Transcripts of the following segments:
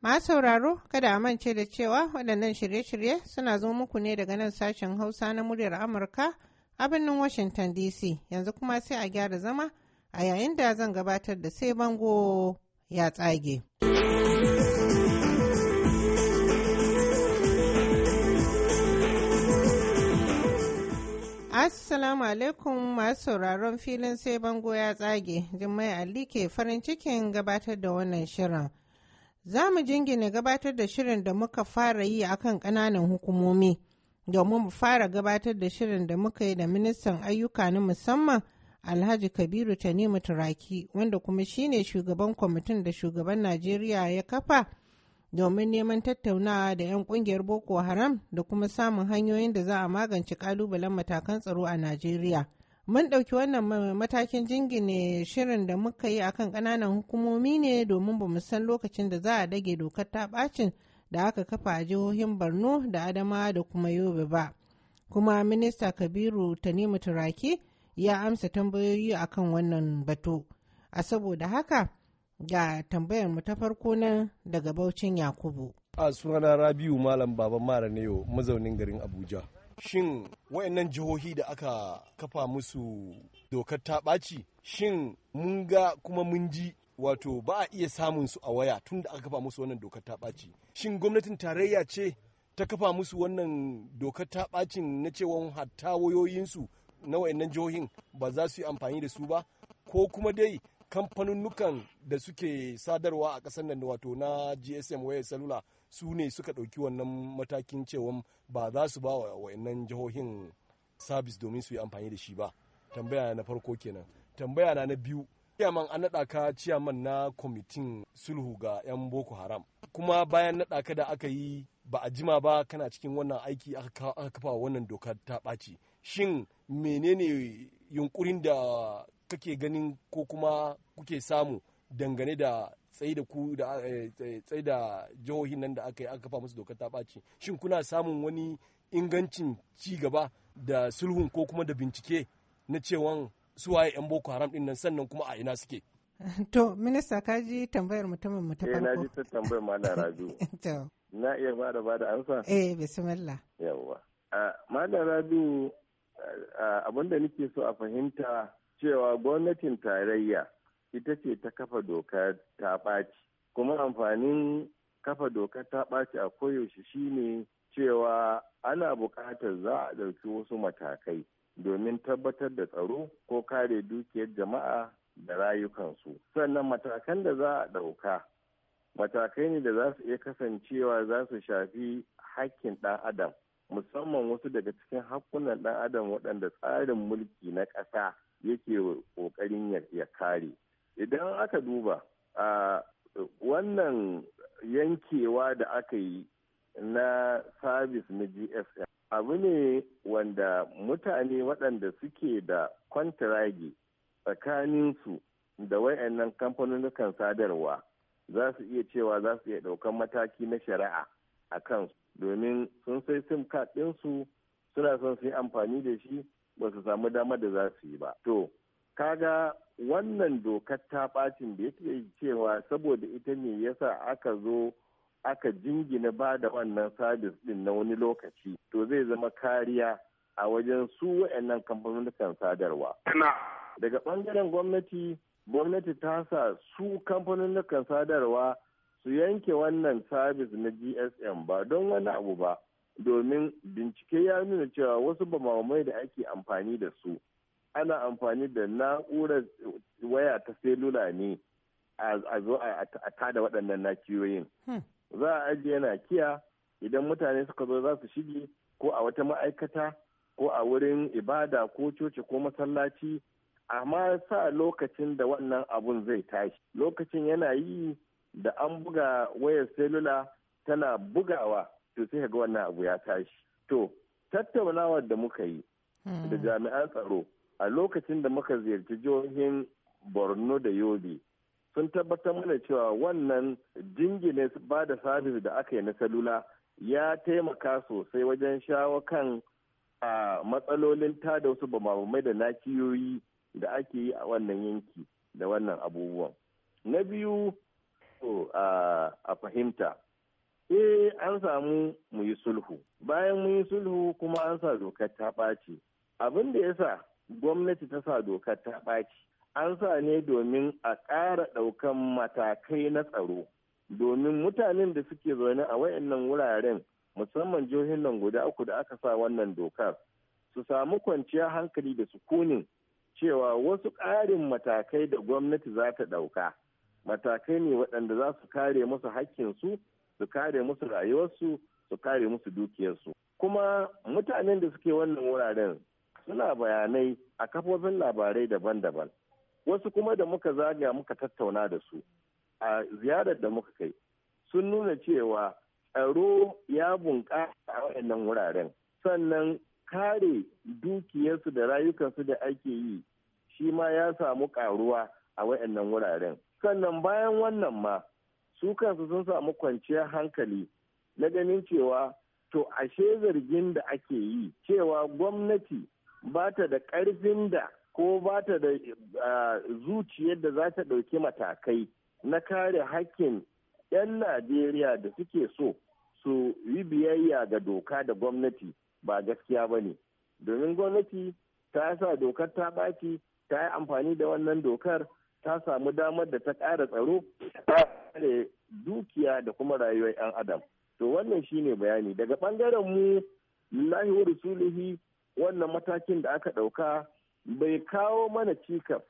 Ma sauraro kada a mance da cewa waɗannan shirye-shirye suna zo muku ne daga nan sashen Hausa na muryar Amurka a birnin Washington DC yanzu kuma sai a gyara zama a yayin da zan gabatar da sai bango ya tsage. Assalamu alaikum masu sauraron filin sai bango ya tsage, Jummai Ali ke farin cikin gabatar da wannan shirin. za mu jingina gabatar da shirin da muka fara yi akan ƙananan hukumomi domin mu fara gabatar da shirin da muka yi da ministan ayyuka na musamman alhaji kabiru tanimu turaki wanda kuma shine shugaban kwamitin da shugaban najeriya ya kafa domin neman tattaunawa da 'yan kungiyar boko haram da kuma samun hanyoyin da za a magance kalubalen matakan tsaro a najeriya Mun ɗauki wannan matakin jingine shirin da muka yi akan ƙananan hukumomi ne domin ba mu san lokacin da za a dage dokar ta ɓacin da aka kafa a jihohin Borno da Adama da kuma Yobe ba. Kuma Minista Kabiru Tanimu Turaki ya amsa tambayoyi akan wannan batu. A saboda haka ga tambayar mu ta farko nan daga Baucin Yakubu. A sunana Rabiu Malam Baban Mara Neyo mazaunin garin Abuja. shin wayannan jihohi da aka kafa musu dokar ta ɓaci shin mun ga kuma mun ji wato ba a iya samun su a waya tun da aka kafa musu wannan dokar ta ɓaci shin gwamnatin tarayya ce ta kafa musu wannan dokar ta ɓacin na cewa hatta wayoyinsu na wayannan jihohin ba za su yi amfani da su ba ko kuma dai kamfanunnukan da suke sadarwa a ƙasar nan wato na gsm wayar salula su ne suka ɗauki wannan matakin cewa ba za su ba wa'annan jihohin sabis domin su yi amfani da shi ba tambaya na farko kenan tambaya na na biyu ciyaman an naɗa ka ciyaman na kwamitin sulhu ga 'yan boko haram kuma bayan naɗa ka da aka yi ba a jima ba kana cikin wannan aiki aka kafa wannan dokar ta ɓaci shin menene yunkurin da kake ganin ko kuma kuke samu dangane da tsaye da ku da eh, tsaye da jihohin nan da aka yi aka kafa musu dokar ta ɓaci shin kuna samun wani ingancin ci gaba da sulhun ko kuma da bincike na cewan waye 'yan boko haram din nan sannan kuma a ina suke to minista ka ji tambayar mutumin mu ta farko eh na ji ta tambayar malam rabiu to na iya ba da ba da amsa eh bismillah yawwa ah, malam rabiu ah, ah, abinda nake so a fahimta cewa gwamnatin tarayya ita ce ta kafa doka ta ɓaci kuma amfanin kafa doka ta ɓaci a koyaushe shine cewa ana buƙatar za a ɗauki wasu matakai domin tabbatar da tsaro ko kare dukiyar jama'a da rayukansu sannan matakan da za a ɗauka matakai ne da za su iya kasancewa za su shafi hakkin ɗan adam musamman wasu daga cikin hakkunan ɗan adam waɗanda tsarin mulki na ƙasa yake ƙoƙarin ya kare idan aka duba a wannan yankewa da aka yi na sabis na gsm abu ne wanda mutane waɗanda suke da kwantiragi tsakaninsu da wayannan kamfanonukan sadarwa za su iya cewa za su iya ɗaukan mataki na shari'a a kansu domin sun sai sim card ɗinsu suna son su yi amfani da shi ba su samu dama da za su yi ba. To, kaga wannan dokar ta ɓacin da yake cewa saboda ita ne yasa aka zo aka jingina ba da wannan sabis ɗin na wani lokaci to zai zama kariya a wajen su waɗannan kamfanonukan sadarwa. Daga ɓangaren gwamnati, gwamnati ta sa su kamfanonukan sadarwa su yanke wannan sabis na gsm ba don wani abu ba domin bincike ya nuna cewa wasu bamamai da ake amfani da su ana amfani da na'urar waya ta selula ne a zo a tada waɗannan nakiyoyin hmm. za a ajiye nakiya idan mutane suka zo za su shige ko a wata ma'aikata ko a wurin ibada ko coci ko masallaci amma sa lokacin da wannan abun zai tashi lokacin yana yi da an buga wayar selula tana bugawa to sai ga wannan abu ya tashi to tattaunawar da muka yi da hmm. jami'an tsaro a lokacin da muka ziyarci jihohin borno da yobe sun tabbatar mana cewa wannan jingine ba da sabis da aka yi na salula ya taimaka sosai wajen shawo kan a matsalolin tada wasu bamamai da nakiyoyi da ake yi a wannan yanki da wannan abubuwan na biyu so a fahimta eh an samu mu yi sulhu bayan mu yi sulhu kuma an sa dokar ta ɓaci abin da ya sa gwamnati ta sa dokar ta ɓaci an sa ne domin a ƙara ɗaukan matakai na tsaro domin mutanen da suke zaune a wayannan wuraren musamman jihohin nan guda uku da aka sa wannan dokar su samu kwanciyar hankali da sukunin cewa wasu ƙarin matakai da gwamnati za ta ɗauka matakai ne waɗanda za su kare musu hakkinsu su kare musu rayuwarsu su kare musu dukiyarsu kuma mutanen da suke wannan wuraren suna bayanai a kafofin labarai daban-daban wasu kuma da muka zaga muka tattauna da su a ziyarar da muka kai sun nuna cewa tsaro ya bunƙasa a waɗannan wuraren sannan kare dukiyarsu da rayukansu da ake yi shi ma ya samu ƙaruwa a waɗannan wuraren sannan bayan wannan ma su kansu sun samu kwanciyar hankali na ganin cewa to ashe zargin da ake yi cewa gwamnati ba ta da ƙarfin da ko ba ta da zuciyar da za ta ɗauki matakai na kare hakkin 'yan najeriya da suke so su yi biyayya ga doka da gwamnati ba gaskiya ba ne domin gwamnati ta sa dokar ta ɓaci ta yi amfani da wannan dokar ta samu damar da ta ƙara tsaro ta kare dukiya da kuma rayuwar 'yan adam to wannan shine bayani daga ɓangaren mu lillahi wa wannan matakin da aka ɗauka bai kawo mana cikas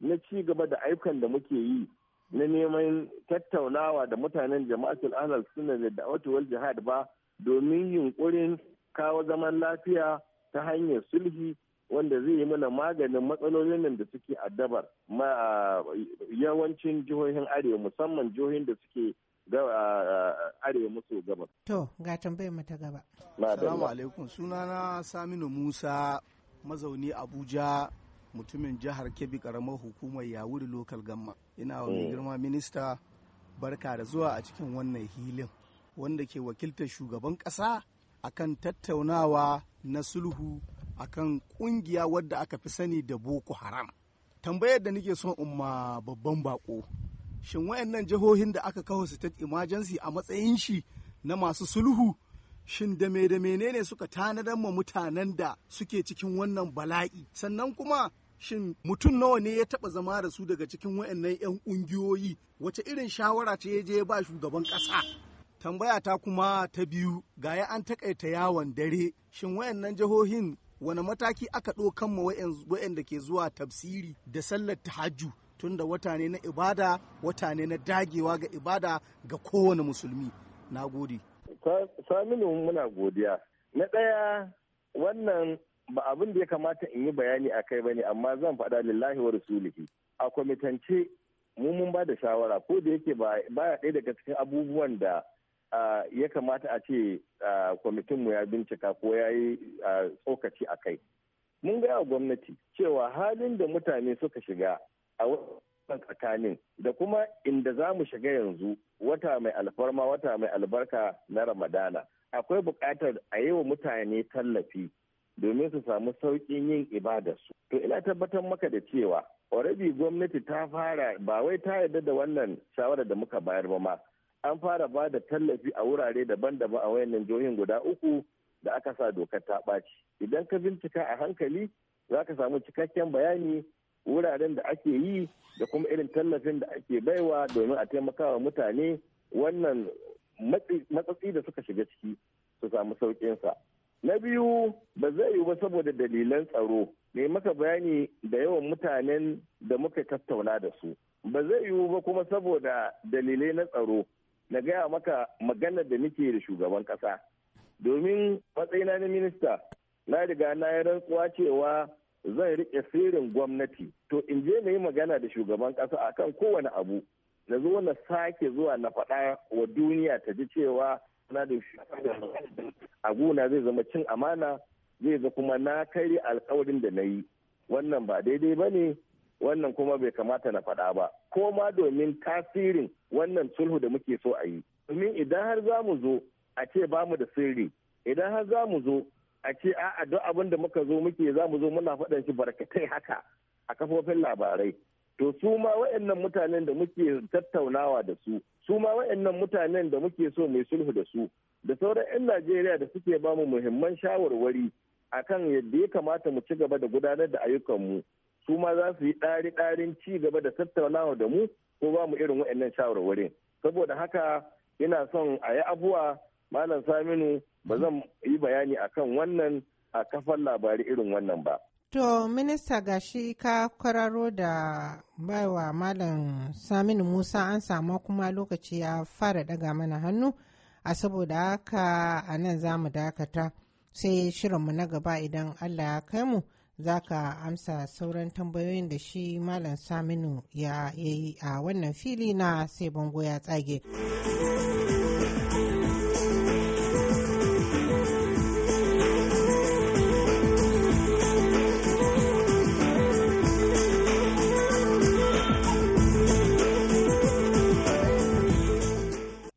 na ci gaba da ayyukan da muke yi na neman tattaunawa da mutanen jama'atul ahlal suna da da'watu wal jihad ba domin yunkurin kawo zaman lafiya ta hanyar sulhi wanda zai yi mana maganin matsalolin nan da suke addabar yawancin jihohin arewa musamman jihohin da suke arewa maso gabas. To, ga tambayar mu ta gaba. Salamu alaikum, sunana Saminu Musa mazauni Abuja mutumin jihar Kebbi karamar hukumar Yawuri Local Gamma. Ina wa mm. girma minista barka da zuwa a cikin wannan hilin wanda ke wakiltar shugaban ƙasa akan tattaunawa na sulhu akan kungiya wadda aka fi sani da Boko Haram. Tambayar da nake son umma babban bako. Shin wayannan jihohin da aka kawo state emergency a matsayin shi na masu sulhu shin da me da menene suka tanadar ma mutanen da suke cikin wannan bala'i sannan kuma shin mutum nawa ne ya taba zama da su daga cikin wayannan 'yan ƙungiyoyi wace irin shawara ce ya je ba shugaban ƙasa tambaya ta kuma ta biyu Ga ya an takaita yawon dare shin wayannan jihohin wani mataki aka ɗaukan ma wa'anda ke zuwa tafsiri da sallar tahajju tunda wata ne na ibada wata ne na dagewa ga ibada ga kowane musulmi na gode saminu muna godiya na ɗaya wannan ba abin da ya kamata in yi bayani a kai bane amma zan faɗa lillahi wa rasulihi a kwamitance mu mun ba da shawara ko da yake ba ya ɗaya daga cikin abubuwan da ya kamata a ce kwamitinmu ya bincika ko ya yi tsokaci a kai mun gaya wa gwamnati cewa halin da mutane suka shiga a wannan tsakanin da kuma inda za mu shiga yanzu wata mai alfarma wata mai albarka na ramadana akwai buƙatar a yi wa mutane tallafi domin su samu sauƙin yin ibadarsu to ina tabbatar maka da cewa already gwamnati ta fara ba wai ta yarda da wannan shawarar da muka bayar ba ma an fara ba da tallafi a wurare daban-daban a wayannan jihohin guda uku da aka sa dokar ta ɓaci idan ka bincika a hankali za ka samu cikakken bayani wuraren da ake yi da kuma irin tallafin da ake baiwa domin a taimakawa mutane wannan matsatsi da suka shiga ciki su samu sauƙinsa na biyu ba zai yiwu ba saboda dalilan tsaro ne maka bayani da yawan mutanen da muka tattauna da su ba zai yiwu ba kuma saboda dalilai na tsaro na gaya maka maganar da nake da shugaban kasa domin matsayina na minista na riga na yi rantsuwa cewa zan riƙe sirrin gwamnati to in je na yi magana da shugaban kasa akan kowane abu na zo na sake zuwa na faɗa wa duniya ta ji cewa na da shugaban zai zama cin amana zai zama kuma na kai alkawarin da na yi wannan ba daidai ba ne wannan kuma bai kamata na faɗa ba ko ma domin tasirin wannan sulhu da muke so a yi domin idan har za mu zo a ce ba mu da sirri idan har za mu zo a ce a'a duk abin da muka zo muke za mu zo muna faɗan shi barkatai haka a kafofin labarai to su ma waɗannan mutanen da muke tattaunawa da su su ma waɗannan mutanen da muke so mai sulhu da su da sauran 'yan najeriya da suke ba mu muhimman shawarwari akan yadda ya kamata mu ci gaba da gudanar da ayyukan mu. su ma za su yi ɗari-ɗarin ci gaba da tattaunawa da mu ko ba mu irin waɗannan shawarwarin saboda haka ina son a yi abuwa malam saminu ba zan yi bayani akan wannan a kafan labari irin wannan ba to minista gashi ka kwararo da baiwa malam saminu musa an samu kuma lokaci ya fara daga mana hannu a saboda haka a nan za mu dakata sai shirinmu na gaba idan allah ya kai mu za ka amsa sauran tambayoyin da shi malam saminu ya yi a wannan fili na sai bango ya tsage.